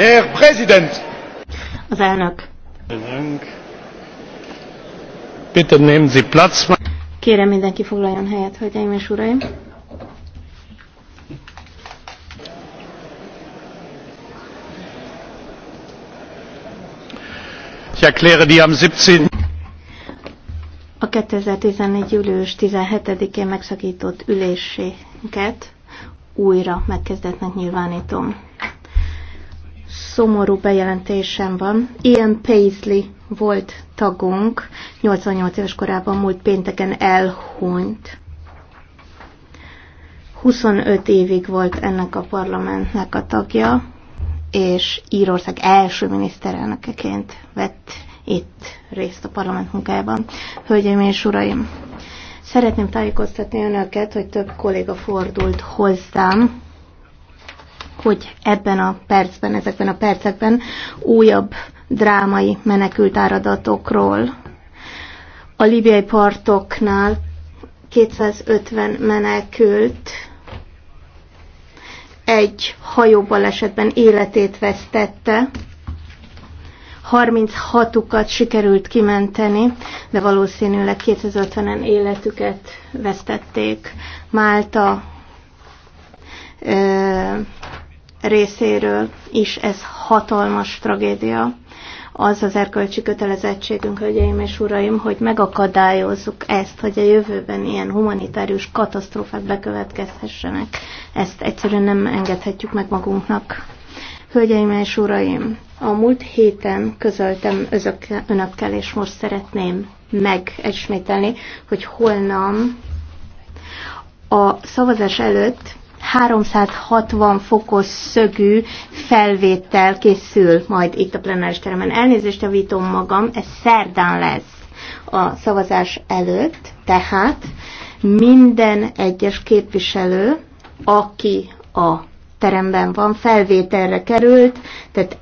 Herr Präsident! Az elnök. Bitte nehmen Sie Platz. Kérem mindenki foglaljon helyet, hölgyeim és uraim. Ich erkläre die am 17. A 2014. július 17-én megszakított ülésénket újra megkezdetnek nyilvánítom szomorú bejelentésem van. Ian Paisley volt tagunk, 88 éves korában múlt pénteken elhunyt. 25 évig volt ennek a parlamentnek a tagja, és Írország első miniszterelnökeként vett itt részt a parlament munkájában. Hölgyeim és uraim, szeretném tájékoztatni önöket, hogy több kolléga fordult hozzám, hogy ebben a percben, ezekben a percekben újabb drámai menekült áradatokról. A libiai partoknál 250 menekült egy hajóbalesetben életét vesztette, 36-ukat sikerült kimenteni, de valószínűleg 250-en életüket vesztették. Málta, részéről is ez hatalmas tragédia. Az az erkölcsi kötelezettségünk, hölgyeim és uraim, hogy megakadályozzuk ezt, hogy a jövőben ilyen humanitárius katasztrófák bekövetkezhessenek. Ezt egyszerűen nem engedhetjük meg magunknak. Hölgyeim és uraim, a múlt héten közöltem önökkel, és most szeretném megesmételni, hogy holnap a szavazás előtt 360 fokos szögű felvétel készül majd itt a plenáris teremben. Elnézést javítom magam, ez szerdán lesz a szavazás előtt, tehát minden egyes képviselő, aki a teremben van, felvételre került, tehát